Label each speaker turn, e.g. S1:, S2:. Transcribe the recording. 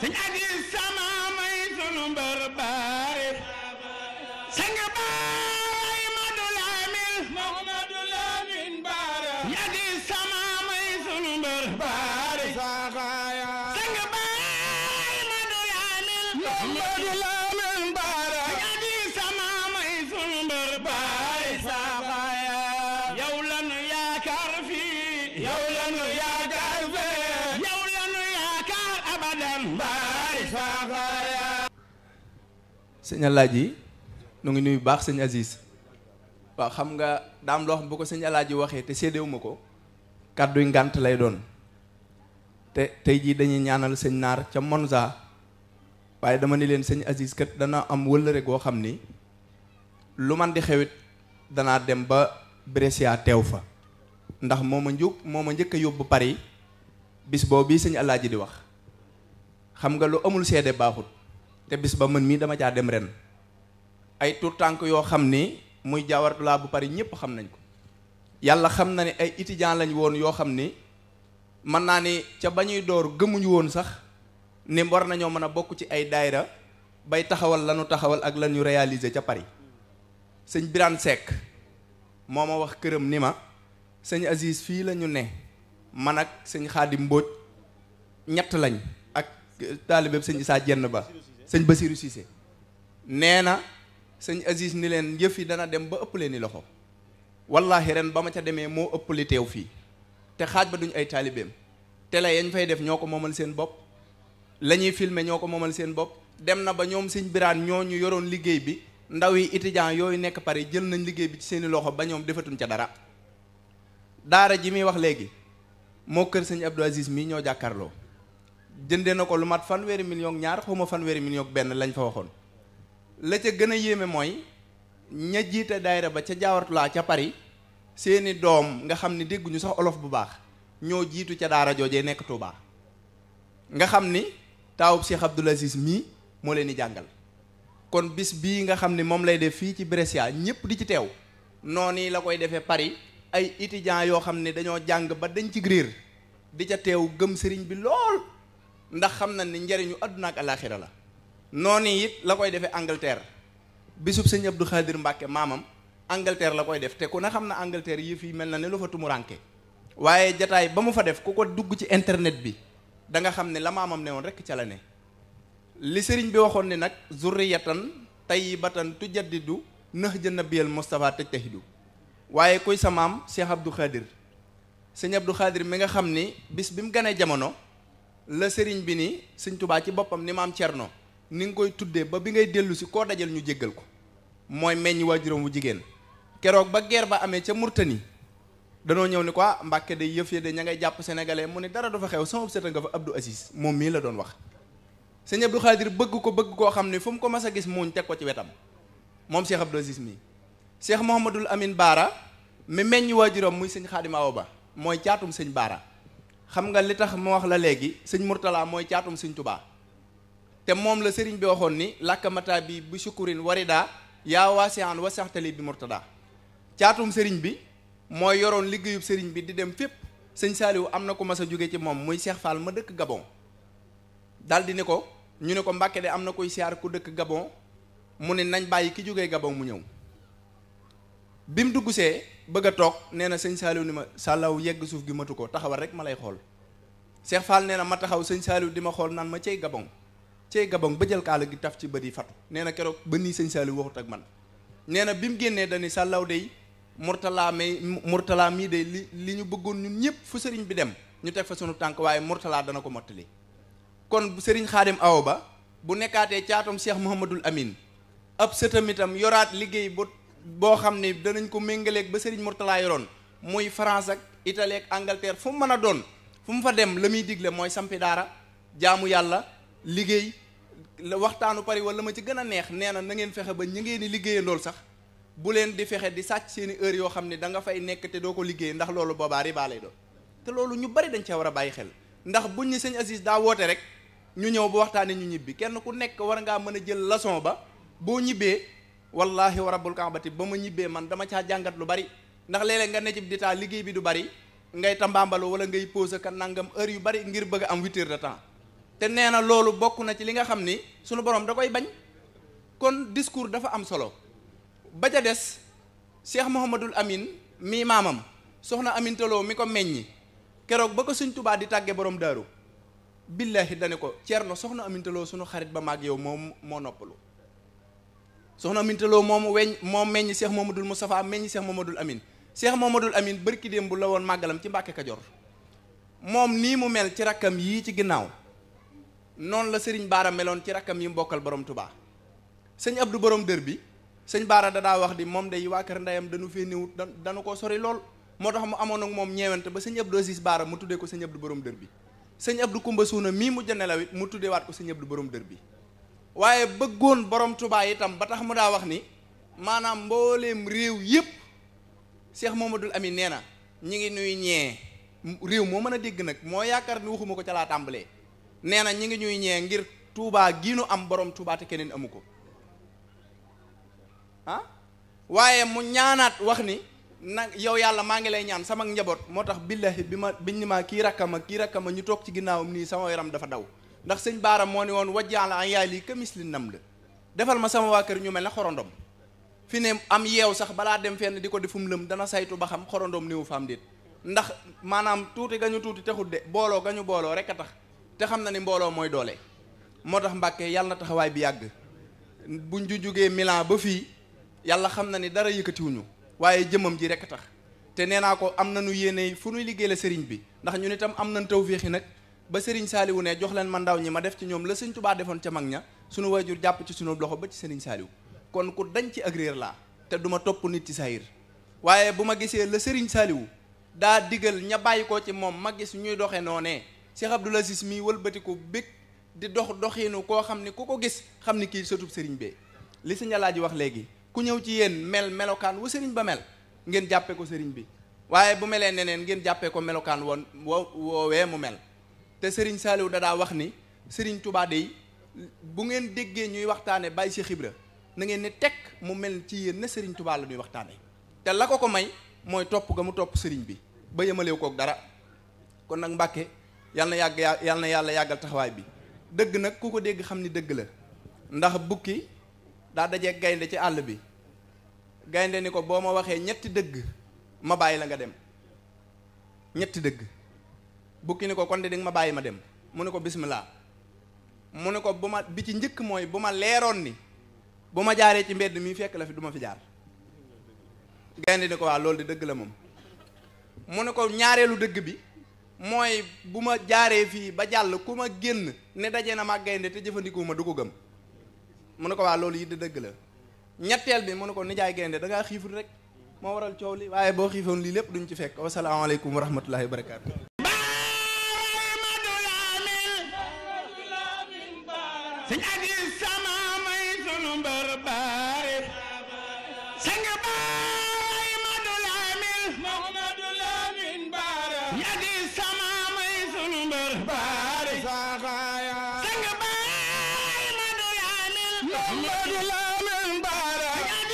S1: sëñ Aziz sama may sunu mbër baare sang baay Madu Lamin Madu Lamin baare sëñ Aziz sama may sunu mbër baare sang baay Madu Lamin Madu Lamin sëñ yi nu ngi nuyu baax sëñ Aziz waaw xam nga daam loo xam bu ko sëñ Alaaji waxee te séedewuma ko kàdduy ngànt lay doon te tey jii dañuy ñaanal sëñ naar ca Monza waaye dama ni leen sëñ Aziz kat dana am wëllëre goo xam ni lu man di xewit danaa dem ba Brescia teew fa ndax moo ma njug moo njëkk a yóbbu Paris bis boobu bi sëñ Alaaji di wax xam nga lu amul seede baaxut te bis ba mën mii dama caa dem ren ay tur tànk yoo xam ni muy jaawartulaa bu pare ñëpp xam nañ ko yàlla xam na ne ay étudiants lañ woon yoo xam ni mën naa ni ca ba ñuy door gëmuñu woon sax ni war nañoo mën a bokk ci ay daayra bay taxawal lañu taxawal ak lañu réaliser ca pari sëñ Birane Seck moo ma wax këram ni ma sëñ Aziz fii la ñu ne man ak sëñ Xaadim Mbóoj ñett lañ taalibeeb sëñ Issa Dieng ba sëñ ba Cissé nee na sëñ Aziz ni leen yëf yi dana dem ba ëpp leen ni loxo wallahi ren ba ma ca demee moo ëpp li teew fii te xaaj ba duñ ay taalibeem télé yañ fay def ñoo ko moomal seen bopp lañuy filme filmer ñoo ko moomal seen bopp dem na ba ñoom sëñ Birane ñoo ñu yoroon liggéey bi ndaw yi étudiants yooyu nekk Paris jël nañ liggéey bi ci seeni loxo ba ñoom defatuñ ca dara daara ji muy wax léegi moo kër sëñ Abdou Aziz mii ñoo jàkkaarloo jëndee na ko lu mat fanweeri million ñaar xawma fanweeri million benn lañ fa waxoon la ca gën a yéeme mooy ña jiite daayira ba ca jaawartulaa ca Paris seeni doom nga xam ni dégguñu sax olof bu baax ñoo jiitu ca daara joojee nekk Touba nga xam ni taawub Cheikh Abdoul Aziz mii moo leen di jàngal kon bis bii nga xam ni moom lay def fii ci Brescia ñëpp di ci teew noonu la koy defee Paris ay étudiants yoo xam ne dañoo jàng ba dañ ci griir di ca teew gëm sëriñ bi lool ndax xam na ni njariñu àdduna ak alaaxira la noonu it la koy defee Angleterre bisub sëñ du Khadir Mbacke maamam Angleterre la koy def te ku ne xam na Angleterre yëf yi mel na ne lu fa tumuranke waaye jataay ba mu fa def ku ko dugg ci internet bi da nga xam ne la maamam ne woon rek ca la ne li sëriñ bi waxoon ne nag batan tu zurriyatan tayyibatan tujaddidu nahja nabiyal Mustafa tajtahidu waaye kuy sa maam Cheikh du Khadir sëñ Abdou Khadir mi nga xam ni bis bi mu ganee jamono la sëriñ bi ni sëñ tubaa ci boppam ni maam cerno ni nga koy tuddee ba bi ngay dellu si koo dajal ñu jéggal ko mooy meññ waajuram wu jigéen keroog ba geer ba amee ca Murtani danoo ñëw ni ko ah, Mbàkke day yëf ya de ña ngay jàpp sénégalais mu ne dara du fa xew sama sët nga fa Abdou Aziz moom mii la doon wax sëñ Abdou Khadir bëgg ko bëgg koo xam ne fu mu ko mas a gis muñ teg ko ci wetam moom Cheikh Abdou Aziz mii Cheikh Mouhamadul Amin Baara mi meññ waajuram muy sëñ Xaadim Awa Ba mooy caatum sëñ Baara xam nga li tax ma wax la léegi sëñ Mourtala mooy caatum sëñ Tubaa te moom la sëriñ bi waxoon ni làkkamata bi bu sukurin warida yaa wa wasaxtali bi Mourtada caatum sëriñ bi mooy yoroon liggéeyub sëriñ bi di dem fépp sëñ Saaliwu am na ko mas a jóge ci moom muy Cheikh Fall ma dëkk Gabon daldi di ne ko ñu ne ko Mbàkke de am na koy siyaar ku dëkk Gabon mu ne nañ bàyyi ki jógee Gabon mu ñëw bi mu dugg see bëgg toog nee na sëñ Saliou ni ma sàllaw yegg suuf gi matu ko taxawal rek ma lay xool Cheikh Fall nee na ma taxaw sëñ Saliou di ma xool naan ma cey gabon cey gabon ba jël kaala gi taf ci bët yi fatu nee na keroog ba nii sëñ Saliou waxut ak man nee na bi mu génnee dani sàllaw day Mourtala may Mourtala mii day li li ñu bëggoon ñun ñëpp fu sëriñ bi dem ñu teg fa sunu tànk waaye Mourtala dana ko mottali kon sëriñ Xaadim Awa Ba bu nekkaatee caatam Cheikh Mouhamadul Amin ab sëtam itam yoraat liggéey bu boo xam ne danañ ko méngaleeg ba Serigne Mourtala yoroon muy France ak Italie ak Angleterre fu mu mën a doon fu mu fa dem la muy digle mooy sampi daara jaamu yàlla liggéey la waxtaanu Paris wala ma ci gën a neex nee na na ngeen fexe ba ñu ngeen di liggéeyandool sax bu leen di fexe di sàcc seeni heure yoo xam ne da nga fay nekk te doo ko liggéey ndax loolu boobaa ribaa lay doon te loolu ñu bari dañ cee war a bàyyi xel ndax buñ ñu sëñ Aziz daa woote rek ñu ñëw bu waxtaanee ñu ñibbi kenn ku nekk war ngaa mën a jël leçon ba boo ñibbee. wallahi wa rabbul kaabati ba ma ñibbee man dama caa jàngat lu bari ndax léeg-léeg nga ne di ditaa liggéey bi du bari ngay tambaambaloo wala ngay pause ka nangam heure yu bari ngir bëgg am huit heures de te nee na loolu bokk na ci li nga xam ni sunu borom da koy bañ kon discours dafa am solo ba ca des Cheikh Mouhamadul Amin mii maamam soxna amintaloo mi ko meññi keroog ba ko suñ tubaa di tàggee borom daaru billaahi dane ko Ceerno soxna amintaloo sunu xarit ba maag moom moo noppalu soxna mintaloo moomu weñ moom meññ Cheikh Mamadou Moustapha meññ Cheikh Mamadou Amine Cheikh Mamadou Amine barki démb bu la woon màggalam ci Mbàkke Kajoor moom nii mu mel ci rakkam yii ci ginnaaw noonu la sëriñ Baara meloon ci rakkam yi mbokkal bokkal borom Touba sëñ du borom dër bi sëñ Baara da daa wax di moom day waa kër ndeyam dañu fee néewut dañu koo sori lool moo tax mu amoon ak moom ñeewante ba sëñ Abdou Aziz Baara mu tudde ko sëñ Abdou borom dër bi sëñ Abdou Kumba Suuna mii mujj nelaw it mu tuddee waat ko borom dër bi waaye bëggoon borom Touba itam ba tax mu daa wax ni maanaam mbooleem réew yëpp Cheikh dul Amine nee na ñi ngi nuy ñee réew moo mën a dégg nag moo yaakaar ni waxuma ko ca laa tàmbalee nee na ñi ngi ñuy ñee ngir tuubaa gii nu am borom Touba te keneen amu ko ah waaye mu ñaanaat wax ni nag yow yàlla maa ngi lay ñaan sama njaboot moo tax billahi bi ma biñ ni ma kii rakkama kii ma ñu toog ci ginnaawam nii sama yaram dafa daw ndax sëñ baara moo ne woon wajjaan la yaay lii kamis li nam la defal ma sama waa kër ñu mel na xorondom fi ne am yeew sax balaa dem fenn di ko defum lëm dana saytu ba xam xorondom néew faam déet ndax maanaam tuuti ga ñu tuuti taxut de booloo ga ñu booloo rek a tax te xam na ni mbooloo mooy doole moo tax mbàkke yàlla taxawaay bi yàgg buñ ju jógee Milan ba fii yàlla xam na ni dara yëkkatiwuñu waaye jëmam ji rek a tax te nee naa ko am na nañu yéene fu nuy liggéey la sëriñ bi ndax ñu itam am nañ tawféexi nag ba Serigne Saliou ne jox leen ma ndaw ñi ma def ci ñoom la Sëñ Tuubaa defoon ca mag ña sunu waajur jàpp ci sunu loxo ba ci Serigne Saliou kon ku dañ ci agrier laa te duma topp nit ci saayir waaye bu ma gisee la Serigne Saliou daa digal ña bàyyi ko ci moom ma gis ñuy doxe noonee Cheikh Abdoul Aziz mii wëlbatiku bég di dox doxiinu koo xam ne ku ko gis xam ni kii sëtub Serigne bee li Sëñ Alaaji wax léegi ku ñëw ci yéen mel melokaan wu Serigne ba mel ngeen jàppee ko Serigne bi waaye bu melee neneen ngeen jàppee ko melokaan woon wo woowee mu mel te sëriñ Saliou da daa wax ni sëriñ tubaa dey bu ngeen déggee ñuy waxtaanee bàyyi si Ibra na ngeen ne teg mu mel ci yéen sëriñ Serigne Touba la ñuy waxtaanee te la ko ko may mooy topp ga mu topp sëriñ bi ba yemalewu kook dara kon nag Mbàkke yal yàgg yal na yàlla yàggal taxawaay bi dëgg nag ku ko dégg xam ni dëgg la ndax bukki daa dajee gaynde ci àll bi gaynde ni ko boo ma waxee ñetti dëgg ma bàyyi la nga dem ñetti dëgg. bukki ni ko kon de di nga ma bàyyi ma dem mu ne ko bismillah mu ne ko bu ma bi ci njëkk mooy bu ma leeroon ni bu ma jaaree ci mbedd mi fekk la fi du ma fi jaar gaynde ni ko waa loolu de dëgg la moom mu ne ko ñaareelu dëgg bi mooy bu ma jaaree fii ba jàll ku ma génn ne daje na ma gaynde te jëfandikoo ma du ko gëm mu ne ko waa loolu yi de dëgg la ñetteel bi mu ne ko nijaay gaynde da ngaa xiiful rek moo waral coow li waaye boo xiifoon lii lépp duñ ci fekk wasalaamaaleykum wa rahmatullahi wa barakaatu sëñ Aziz sama may sunu mbër baare sang baay Madu Lamin Madu Lamin baare sëñ Aziz sama may sunu mbër baare sang baay Madu Lamin Madu Lamin baare